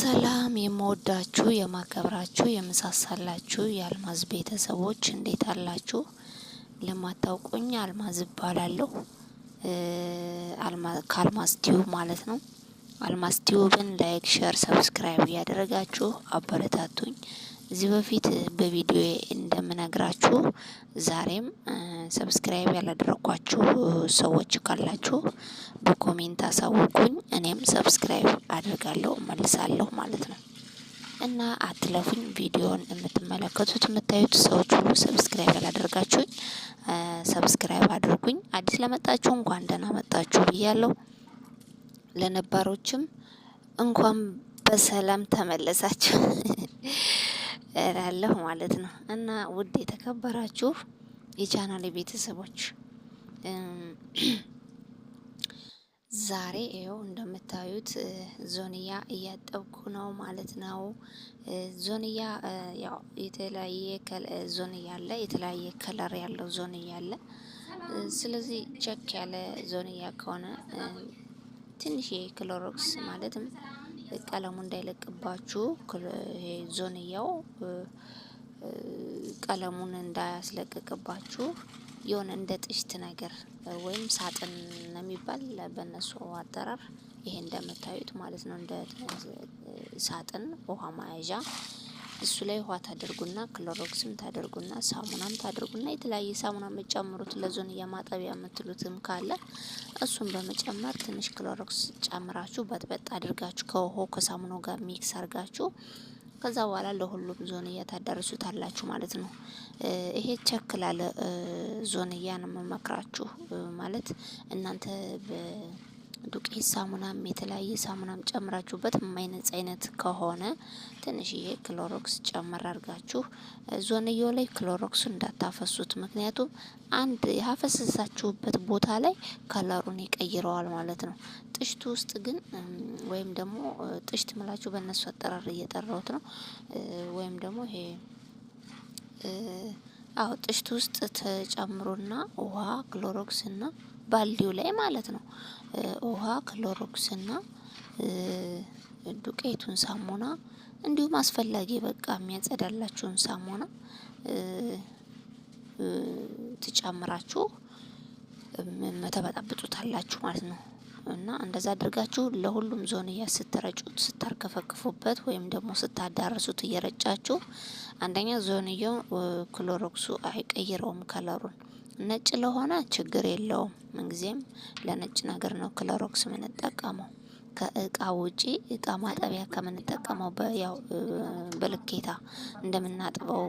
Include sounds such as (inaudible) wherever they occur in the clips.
ሰላም የምወዳችሁ የማከብራችሁ የምሳሳላችሁ የአልማዝ ቤተሰቦች እንዴት አላችሁ? ለማታውቁኝ አልማዝ እባላለሁ። ከአልማዝ ቲዩብ ማለት ነው። አልማዝ ቲዩብን ላይክ፣ ሸር፣ ሰብስክራይብ እያደረጋችሁ አበረታቱኝ። እዚህ በፊት በቪዲዮ እንደምነግራችሁ ዛሬም ሰብስክራይብ ያላደረኳችሁ ሰዎች ካላችሁ በኮሜንት አሳውቁኝ። እኔም ሰብስክራይብ አድርጋለሁ መልሳለሁ ማለት ነው እና አትለፉኝ። ቪዲዮን የምትመለከቱት የምታዩት ሰዎች ሁሉ ሰብስክራይብ ያላደረጋችሁኝ ሰብስክራይብ አድርጉኝ። አዲስ ለመጣችሁ እንኳን ደህና መጣችሁ ብያለሁ። ለነባሮችም እንኳን በሰላም ተመለሳችሁ። (laughs) እላለሁ ማለት ነው። እና ውድ የተከበራችሁ የቻናል ቤተሰቦች ዛሬ ይኸው እንደምታዩት ዞንያ እያጠብኩ ነው ማለት ነው። ዞንያ ያው የተለያየ ዞንያ አለ፣ የተለያየ ከለር ያለው ዞንያ አለ። ስለዚህ ቸክ ያለ ዞንያ ከሆነ ትንሽ የክሎሮክስ ማለትም ቀለሙ እንዳይለቅባችሁ ዞንያው ቀለሙን እንዳያስለቅቅባችሁ የሆነ እንደ ጥሽት ነገር ወይም ሳጥን ነው የሚባል በእነሱ አጠራር። ይሄ እንደምታዩት ማለት ነው እንደ ሳጥን ውሃ መያዣ እሱ ላይ ውሃ ታደርጉና ክሎሮክስም ታደርጉና ሳሙናም ታደርጉና የተለያየ ሳሙና የምትጨምሩት ለዞን የማጠቢያ የምትሉትም ካለ እሱን በመጨመር ትንሽ ክሎሮክስ ጨምራችሁ በጥበጥ አድርጋችሁ ከውሃው ከሳሙናው ጋር ሚክስ አድርጋችሁ ከዛ በኋላ ለሁሉም ዞንያ ታዳርሱታላችሁ ማለት ነው። ይሄ ቸክ ላለ ዞንያ ነው የምመክራችሁ ማለት እናንተ ዱቄት ሳሙናም የተለያየ ሳሙናም ጨምራችሁበት የማይነጽ አይነት ከሆነ ትንሽዬ ክሎሮክስ ጨምር አርጋችሁ ዞንዮ ላይ ክሎሮክሱ እንዳታፈሱት። ምክንያቱም አንድ ያፈሰሳችሁበት ቦታ ላይ ከለሩን ይቀይረዋል ማለት ነው። ጥሽቱ ውስጥ ግን ወይም ደግሞ ጥሽት ምላችሁ በእነሱ አጠራር እየጠራሁት ነው። ወይም ደግሞ ይሄ አዎ ጥሽት ውስጥ ተጨምሮና ውሃ ክሎሮክስ ክሎሮክስና ባልዲው ላይ ማለት ነው። ውሃ ክሎሮክስና ዱቄቱን ሳሙና እንዲሁም አስፈላጊ በቃ የሚያጸዳላችሁን ሳሙና ትጨምራችሁ መተበጣብጡታላችሁ ማለት ነው። እና እንደዛ አድርጋችሁ ለሁሉም ዞንያ ስትረጩት ስታርከፈክፉበት ወይም ደግሞ ስታዳርሱት እየረጫችሁ አንደኛ ዞንያው ክሎሮክሱ አይቀይረውም ከለሩን ነጭ ለሆነ ችግር የለውም። ምንጊዜም ለነጭ ነገር ነው ክለሮክስ የምንጠቀመው። ከእቃ ውጪ እቃ ማጠቢያ ከምንጠቀመው ያው በልኬታ እንደምናጥበው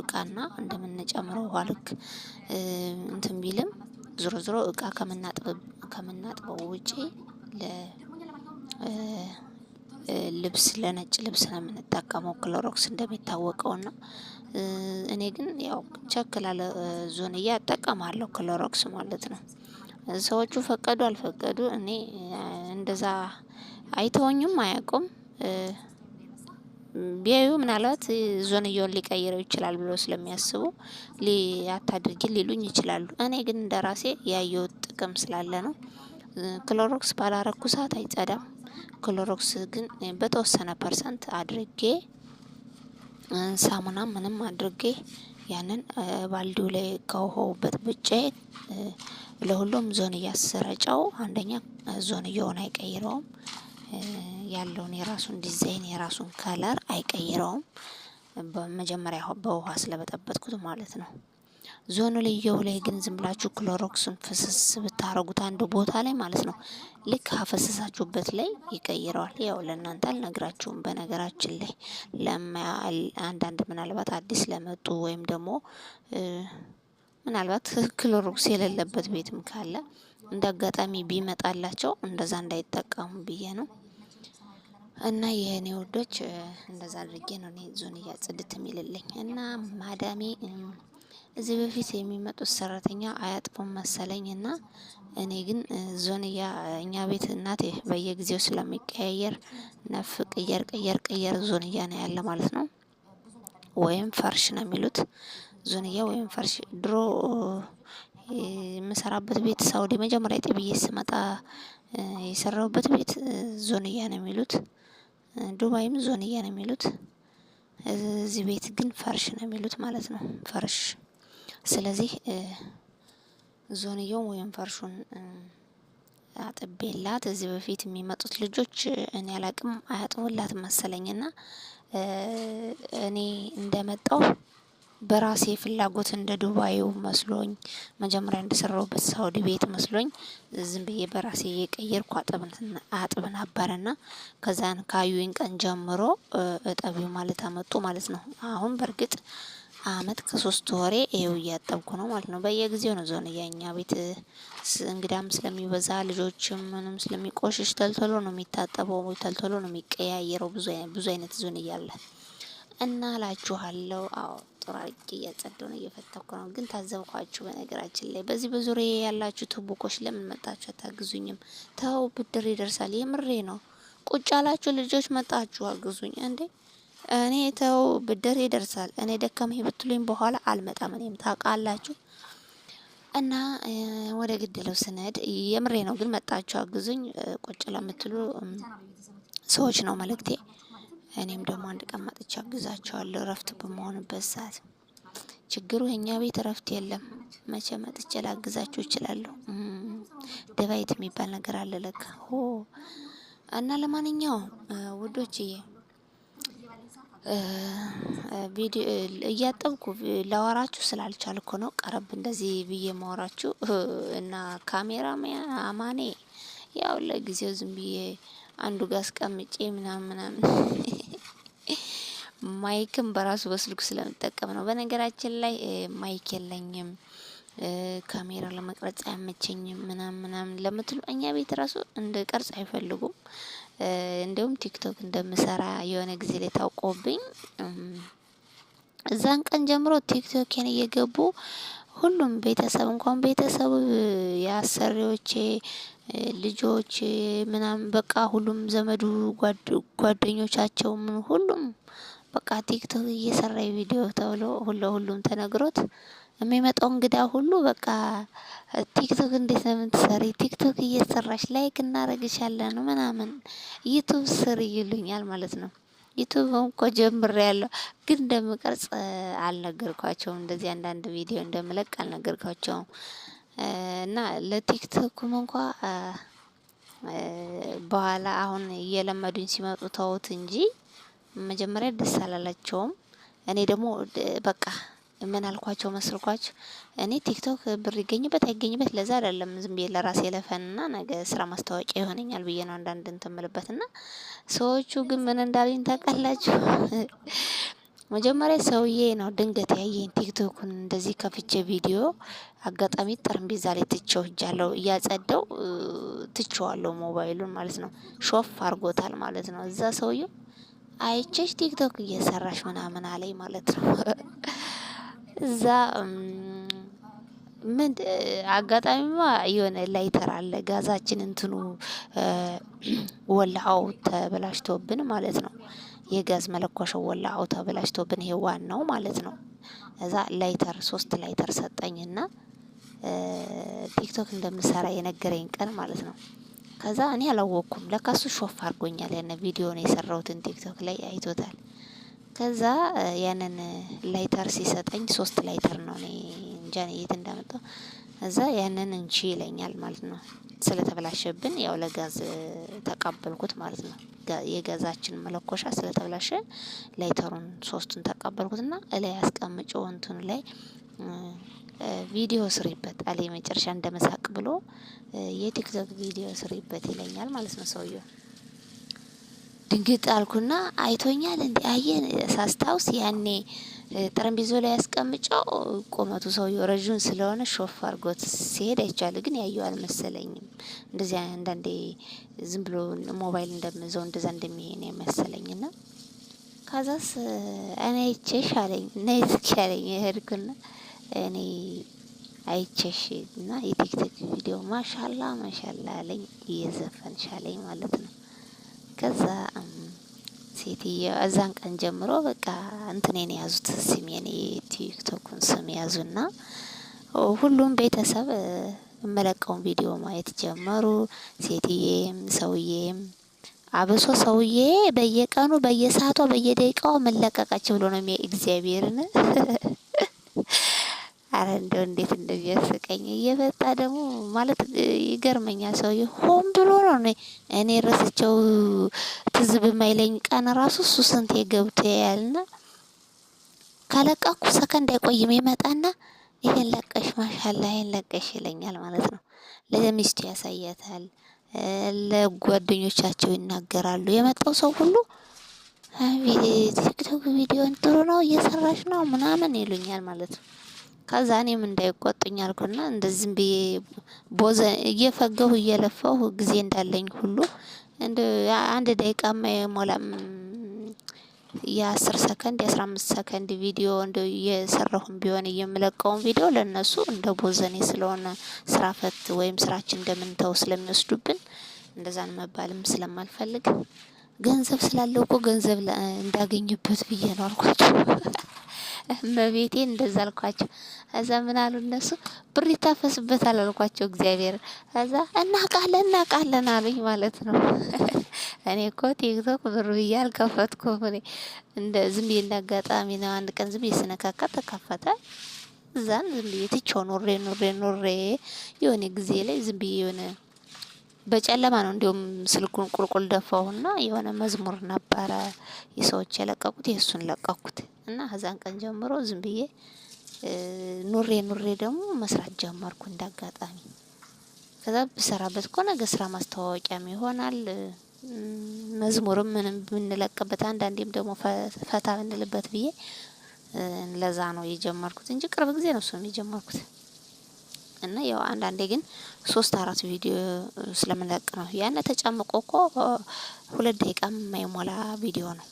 እቃና እንደምንጨምረው ውሃ ልክ እንትን ቢልም ዞሮ ዞሮ እቃ ከምናጥበው ውጪ ልብስ ለነጭ ልብስ ነው የምንጠቀመው ክሎሮክስ እንደሚታወቀው ና። እኔ ግን ያው ቸክላለ ዞንያ እጠቀማለሁ ክሎሮክስ ማለት ነው። ሰዎቹ ፈቀዱ አልፈቀዱ እኔ እንደዛ አይተውኝም አያውቁም። ቢያዩ ምናልባት ዞንያውን ሊቀይረው ይችላል ብሎ ስለሚያስቡ አታድርጊ ሊሉኝ ይችላሉ። እኔ ግን እንደ ራሴ ያየሁት ጥቅም ስላለ ነው። ክሎሮክስ ባላረኩ ሰዓት አይጸዳም። ክሎሮክስ ግን በተወሰነ ፐርሰንት አድርጌ ሳሙና ምንም አድርጌ ያንን ባልዲው ላይ ከውሃውበት በጥብጬ ለሁሉም ዞን እያሰረጨው፣ አንደኛ ዞን እየሆን አይቀይረውም። ያለውን የራሱን ዲዛይን የራሱን ከለር አይቀይረውም። በመጀመሪያ በውሃ ስለበጠበጥኩት ማለት ነው። ዞኑ ልየው ላይ ግን ዝም ብላችሁ ክሎሮክስን ፍስስ ብታረጉት አንድ ቦታ ላይ ማለት ነው ልክ አፈሰሳችሁበት ላይ ይቀይረዋል። ያው ለእናንተ አልነግራችሁም። በነገራችን ላይ አንዳንድ ምናልባት አዲስ ለመጡ ወይም ደግሞ ምናልባት ክሎሮክስ የሌለበት ቤትም ካለ እንደ አጋጣሚ ቢመጣላቸው እንደዛ እንዳይጠቀሙ ብዬ ነው። እና የእኔ ውዶች እንደዛ አድርጌ ነው እኔ ዞን እያጽድት የሚልልኝ እና ማዳሜ እዚህ በፊት የሚመጡት ሰራተኛ አያጥቡም መሰለኝ እና እኔ ግን ዞንያ እኛ ቤት እናቴ በየጊዜው ስለሚቀያየር ነፍ ቅየር ቅየር ቅየር ዞንያ ነው ያለ ማለት ነው። ወይም ፈርሽ ነው የሚሉት ዞንያ ወይም ፈርሽ። ድሮ የምሰራበት ቤት ሳውዲ መጀመሪያ ጥብዬ ስመጣ የሰራውበት ቤት ዞንያ ነው የሚሉት። ዱባይም ዞንያ ነው የሚሉት። እዚህ ቤት ግን ፈርሽ ነው የሚሉት ማለት ነው። ፈርሽ ስለዚህ ዞንየው ወይም ፈርሹን አጥቤላት እዚህ በፊት የሚመጡት ልጆች እኔ አላቅም አያጥቡላት መሰለኝና እኔ እንደመጣው በራሴ ፍላጎት እንደ ዱባዩ መስሎኝ መጀመሪያ እንደሰራውበት ሳውዲ ቤት መስሎኝ ዝም ብዬ በራሴ እየቀየርኩ አጥብ ነበርና ከዛን ካዩኝ ቀን ጀምሮ እጠቢው ማለት አመጡ ማለት ነው። አሁን በእርግጥ አመት ከሶስት ወሬ ይኸው እያጠብኩ ነው ማለት ነው። በየጊዜው ነው ዞን እያኛ ቤት እንግዳም ስለሚበዛ ልጆችም ምንም ስለሚቆሽሽ ተልቶሎ ነው የሚታጠበው፣ ተልቶሎ ነው የሚቀያየረው። ብዙ አይነት ዞን እያለ እና ላችኋለው። አዎ ጥሩ አድርጌ እያጸደው ነው እየፈተኩ ነው። ግን ታዘብኳችሁ። በነገራችን ላይ በዚህ በዙሪያ ያላችሁ ትቡቆች ለምን መጣችሁ አታግዙኝም? ተው ብድር ይደርሳል። የምሬ ነው። ቁጭ አላችሁ ልጆች መጣችሁ አግዙኝ እንዴ! እኔ ተው ብድር ይደርሳል። እኔ ደከመኝ ብትሉኝ በኋላ አልመጣም። እኔም ታውቃላችሁ። እና ወደ ግድለው ስነድ የምሬ ነው፣ ግን መጣችሁ አግዙኝ ቁጭ ለምትሉ ሰዎች ነው መልእክቴ። እኔም ደግሞ አንድ ቀን መጥቼ አግዛቸዋለሁ እረፍት በመሆንበት ሰዓት። ችግሩ የኛ ቤት እረፍት የለም። መቼ መጥቼ ላግዛችሁ እችላለሁ። ደባይት የሚባል ነገር አለ ለካ። እና ለማንኛውም ውዶችዬ እያጠብኩ ላወራችሁ ስላልቻልኩ ነው። ቀረብ እንደዚህ ብዬ ማወራችሁ እና ካሜራ አማኔ ያው ለጊዜው ዝም ብዬ አንዱ ጋ አስቀምጬ ምናምን ምናምን (laughs) ማይክም በራሱ በስልኩ ስለምጠቀም ነው። በነገራችን ላይ ማይክ የለኝም፣ ካሜራ ለመቅረጽ አያመቸኝም ምናምን ምናምን ለምትሉ እኛ ቤት ራሱ እንደ ቀርጽ አይፈልጉም። እንዲሁም ቲክቶክ እንደምሰራ የሆነ ጊዜ ላይ ታውቆብኝ እዛን ቀን ጀምሮ ቲክቶኬን እየገቡ ሁሉም ቤተሰብ እንኳን ቤተሰብ የአሰሪዎቼ ልጆች ምናምን በቃ ሁሉም ዘመዱ ጓደኞቻቸው ምን ሁሉም በቃ ቲክቶክ እየሰራ ቪዲዮ ተብሎ ሁለሁሉም ተነግሮት የሚመጣው እንግዳ ሁሉ በቃ ቲክቶክ እንዴት ነው የምትሰሪ? ቲክቶክ እየሰራሽ ላይክ እናረግሻለን ምናምን ዩቱብ ስር ይሉኛል ማለት ነው። ዩቱብም እኮ ጀምሬ ያለው ግን እንደምቀርጽ አልነገርኳቸውም። እንደዚህ አንዳንድ ቪዲዮ እንደምለቅ አልነገርኳቸውም። እና ለቲክቶክም እንኳ በኋላ አሁን እየለመዱኝ ሲመጡ ተውት እንጂ መጀመሪያ ደስ አላላቸውም። እኔ ደግሞ በቃ ምን አልኳቸው መስልኳችሁ? እኔ ቲክቶክ ብር ይገኝበት አይገኝበት ለዛ አይደለም ዝም ብዬ ለራሴ ለፈንና ነገ ስራ ማስታወቂያ ይሆነኛል ብዬ ነው አንዳንድ እንትምልበት እና ሰዎቹ ግን ምን እንዳሉኝ ታውቃላችሁ? (laughs) መጀመሪያ ሰውዬ ነው ድንገት ያየኝ ቲክቶኩን እንደዚህ ከፍቼ ቪዲዮ አጋጣሚ ጠረጴዛ ላይ ትቼው እጃለሁ እያጸደው ትቼዋለሁ ሞባይሉን ማለት ነው። ሾፍ አድርጎታል ማለት ነው እዛ ሰውዬው አይቼሽ ቲክቶክ እየሰራሽ ምናምን አለኝ ማለት ነው። እዛ ምን አጋጣሚማ የሆነ ላይተር አለ ጋዛችን እንትኑ ወላአው ተበላሽቶብን ማለት ነው። የጋዝ መለኮሻው ወላአው ተበላሽቶብን ይሄ ዋናው ማለት ነው። እዛ ላይተር ሶስት ላይተር ሰጠኝና ቲክቶክ እንደምሰራ የነገረኝ ቀን ማለት ነው። ከዛ እኔ አላወቅኩም ለካ እሱ ሾፍ አድርጎኛል። ያንን ቪዲዮ ነው የሰራሁትን ቲክቶክ ላይ አይቶታል። ከዛ ያንን ላይተር ሲሰጠኝ ሶስት ላይተር ነው እኔ እንጃ የት እንዳመጣው እዛ ያንን እንቺ ይለኛል ማለት ነው። ስለተበላሸብን ያው ለጋዝ ተቀበልኩት ማለት ነው። የጋዛችን መለኮሻ ስለተበላሸ ላይተሩን ሶስቱን ተቀበልኩትና እላይ አስቀምጨው እንትኑ ላይ ቪዲዮ ስሪበት አለ። የመጨረሻ እንደመሳቅ ብሎ የቲክቶክ ቪዲዮ ስሪበት ይለኛል ማለት ነው ሰውየው። ድንግጥ አልኩና አይቶኛል። እንዲ አየን ሳስታውስ ያኔ ጠረጴዛ ላይ ያስቀምጨው ቁመቱ ሰውየው ረዥም ስለሆነ ሾፍ አርጎት ሲሄድ አይቻል፣ ግን ያየው አልመሰለኝም። እንደዚያ አንዳንዴ ዝም ብሎ ሞባይል እንደምዘው እንደዛ እንደሚሄድ ነው የመሰለኝ ና ከዛስ እኔ ይቼሽ አለኝ ነይስኪ አለኝ ይሄድኩና እኔ አይቸሽ እና የቲክቶክ ቪዲዮ ማሻላ ማሻላ አለኝ፣ እየዘፈንሽ ሻለኝ ማለት ነው። ከዛ ሴትዮ እዛን ቀን ጀምሮ በቃ እንትኔን የያዙት የኔ የቲክቶኩን ስም ያዙና ሁሉም ቤተሰብ የመለቀውን ቪዲዮ ማየት ጀመሩ። ሴትዬም ሰውዬም አብሶ ሰውዬ በየቀኑ በየሰዓቷ በየደቂቃው መለቀቃቸው ብሎ ነው የእግዚአብሔርን አረ እንደው እንዴት እንደዚህ ያስቀኝ እየመጣ ደግሞ ማለት ይገርመኛ ሰውዬው ሆን ብሎ ነው እኔ ረስቸው ትዝ በማይለኝ ቀን ራሱ እሱ ስንቴ ገብቶ ያልና ካለቃኩ ሰከንድ አይቆይም ይመጣና ይሄን ለቀሽ ማሻላ ይሄን ለቀሽ ይለኛል ማለት ነው። ለሚስቱ ያሳያታል፣ ለጓደኞቻቸው ይናገራሉ። የመጣው ሰው ሁሉ ቲክቶክ ቪዲዮን ጥሩ ነው እየሰራሽ ነው ምናምን ይሉኛል ማለት ነው። ከዛ እኔም እንዳይቆጡኝ አልኩና እንደዚህም ብዬ ቦዘ እየፈገሁ እየለፋሁ ጊዜ እንዳለኝ ሁሉ እንደ አንድ ደቂቃ የሞላም የአስር ሰከንድ የአስራ አምስት ሰከንድ ቪዲዮ እንደ እየሰራሁም ቢሆን የምለቀውን ቪዲዮ ለእነሱ እንደ ቦዘኔ ስለሆነ ስራ ፈት ወይም ስራችን እንደምንተው ስለሚወስዱብን እንደዛን መባልም ስለማልፈልግ ገንዘብ ስላለው እኮ ገንዘብ እንዳገኝበት ብዬ ነው አልኳቸው። (laughs) መቤቴ እንደዛ አልኳቸው። እዛ ምን አሉ እነሱ ብር ይታፈስበታል አልኳቸው። እግዚአብሔር እዛ እናቃለን እናቃለን አሉኝ ማለት ነው። (laughs) እኔ እኮ ቲክቶክ ብር ብዬ አልከፈትኩም። እኔ እንደ ዝም ብዬ እንደ ነው። አንድ ቀን ዝም ብዬ ስነካካ ተከፈተ። እዛን ዝም ብዬ ትቼው ኖሬ ኖሬ ኖሬ የሆነ ጊዜ ላይ ዝም ብዬ የሆነ በጨለማ ነው እንዲሁም ስልኩን ቁልቁል ደፋሁና የሆነ መዝሙር ነበረ የሰዎች የለቀቁት የእሱን ለቀኩት። እና ከዛን ቀን ጀምሮ ዝም ብዬ ኑሬ ኑሬ ደግሞ መስራት ጀመርኩ። እንዳጋጣሚ ከዛ ብሰራበት እኮ ነገ ስራ ማስተዋወቂያም ይሆናል፣ መዝሙርም ምንም ብንለቅበት፣ አንዳንዴም ደግሞ ፈታ ብንልበት ብዬ ለዛ ነው የጀመርኩት እንጂ ቅርብ ጊዜ ነው እሱም የጀመርኩት። እና ያው አንዳንዴ ግን ሶስት አራት ቪዲዮ ስለምንለቅ ነው። ያነ ተጨምቆ እኮ ሁለት ደቂቃ የማይሞላ ቪዲዮ ነው።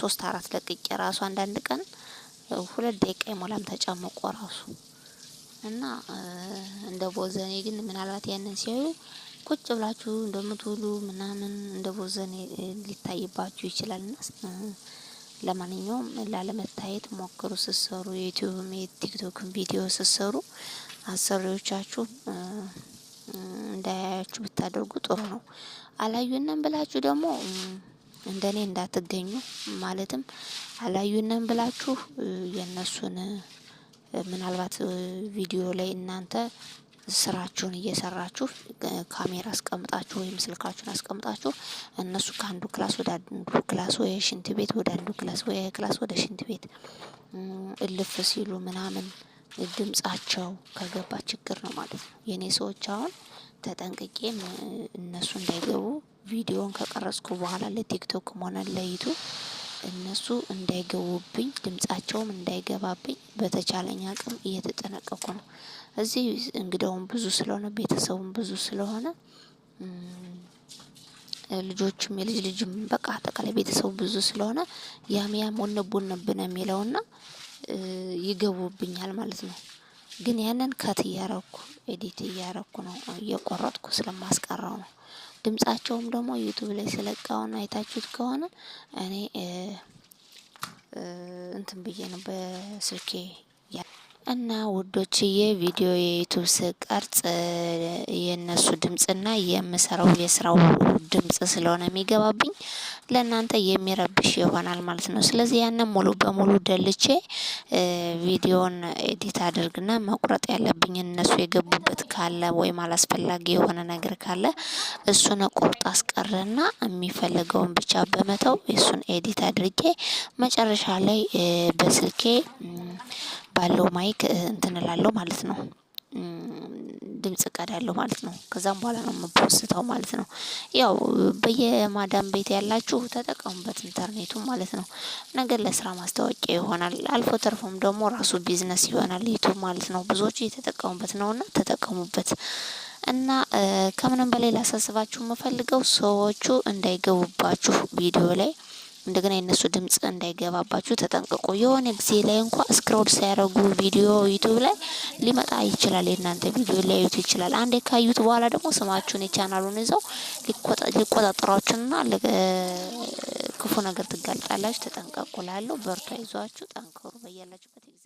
ሶስት አራት ለቅቄ ራሱ አንዳንድ ቀን ሁለት ደቂቃ የሞላም ተጨምቆ ራሱ እና እንደ ቦዘኔ ግን ምናልባት ያንን ሲያዩ ቁጭ ብላችሁ እንደምትውሉ ምናምን እንደ ቦዘኔ ሊታይባችሁ ይችላል። እና ለማንኛውም ላለመታየት ሞክሩ። ስሰሩ የዩቲዩብም የቲክቶክም ቪዲዮ ስሰሩ አሰሪዎቻችሁ እንዳያያችሁ ብታደርጉ ጥሩ ነው። አላዩንም ብላችሁ ደግሞ እንደኔ እንዳትገኙ። ማለትም አላዩንም ብላችሁ የነሱን ምናልባት ቪዲዮ ላይ እናንተ ስራችሁን እየሰራችሁ ካሜራ አስቀምጣችሁ ወይም ስልካችሁን አስቀምጣችሁ እነሱ ከአንዱ ክላስ ወደ አንዱ ክላስ ወይ ሽንት ቤት ወደ አንዱ ክላስ ወይ ክላስ ወደ ሽንት ቤት እልፍ ሲሉ ምናምን ድምጻቸው ከገባ ችግር ነው ማለት ነው። የእኔ ሰዎች አሁን ተጠንቅቄም እነሱ እንዳይገቡ ቪዲዮን ከቀረጽኩ በኋላ ለቲክቶክም ሆነ ለይቱ እነሱ እንዳይገቡብኝ ድምጻቸውም እንዳይገባብኝ በተቻለኝ አቅም እየተጠነቀቁ ነው። እዚህ እንግዳውም ብዙ ስለሆነ ቤተሰቡም ብዙ ስለሆነ ልጆችም የልጅ ልጅም በቃ አጠቃላይ ቤተሰቡ ብዙ ስለሆነ ያም ያም ወነብ ነው የሚለውና ይገቡብኛል ማለት ነው። ግን ያንን ከት እያረኩ ኤዲት እያረኩ ነው እየቆረጥኩ ስለማስቀረው ነው። ድምጻቸውም ደግሞ ዩቱብ ላይ ስለቃውን አይታችሁት ከሆነ እኔ እንትን ብዬ ነው በስልኬ እና ውዶችዬ ቪዲዮ የዩቱብ ስቀርጽ የእነሱ ድምጽና የምሰራው የስራው ድምጽ ስለሆነ የሚገባብኝ ለእናንተ የሚረብሽ ይሆናል ማለት ነው። ስለዚህ ያንን ሙሉ በሙሉ ደልቼ ቪዲዮን ኤዲት አድርግና መቁረጥ ያለብኝ እነሱ የገቡበት ካለ ወይም አላስፈላጊ የሆነ ነገር ካለ እሱን ቁርጥ አስቀርና የሚፈልገውን ብቻ በመተው እሱን ኤዲት አድርጌ መጨረሻ ላይ በስልኬ ባለው ማይክ እንትንላለው ማለት ነው ድምጽ ቀዳለው ማለት ነው። ከዛም በኋላ ነው የምፖስተው ማለት ነው። ያው በየማዳም ቤት ያላችሁ ተጠቀሙበት ኢንተርኔቱ ማለት ነው። ነገር ለስራ ማስታወቂያ ይሆናል። አልፎ ተርፎም ደግሞ ራሱ ቢዝነስ ይሆናል ዩቱብ ማለት ነው። እየተጠቀሙበት የተጠቀሙበት ነውና ተጠቀሙበት። እና ከምንም በላይ ላሳስባችሁ የምፈልገው ሰዎቹ እንዳይገቡባችሁ ቪዲዮ ላይ እንደገና የነሱ ድምጽ እንዳይገባባችሁ ተጠንቅቁ። የሆነ ጊዜ ላይ እንኳ ስክሮል ሳያደርጉ ቪዲዮ ዩቱብ ላይ ሊመጣ ይችላል። የእናንተ ቪዲዮ ሊያዩት ይችላል። አንዴ ካዩት በኋላ ደግሞ ስማችሁን የቻናሉን ይዘው ሊቆጣጠሯችሁና ክፉ ነገር ትጋልጣላችሁ። ተጠንቀቁ ላለው በርቷ ይዟችሁ ጠንክሩ በያላችሁበት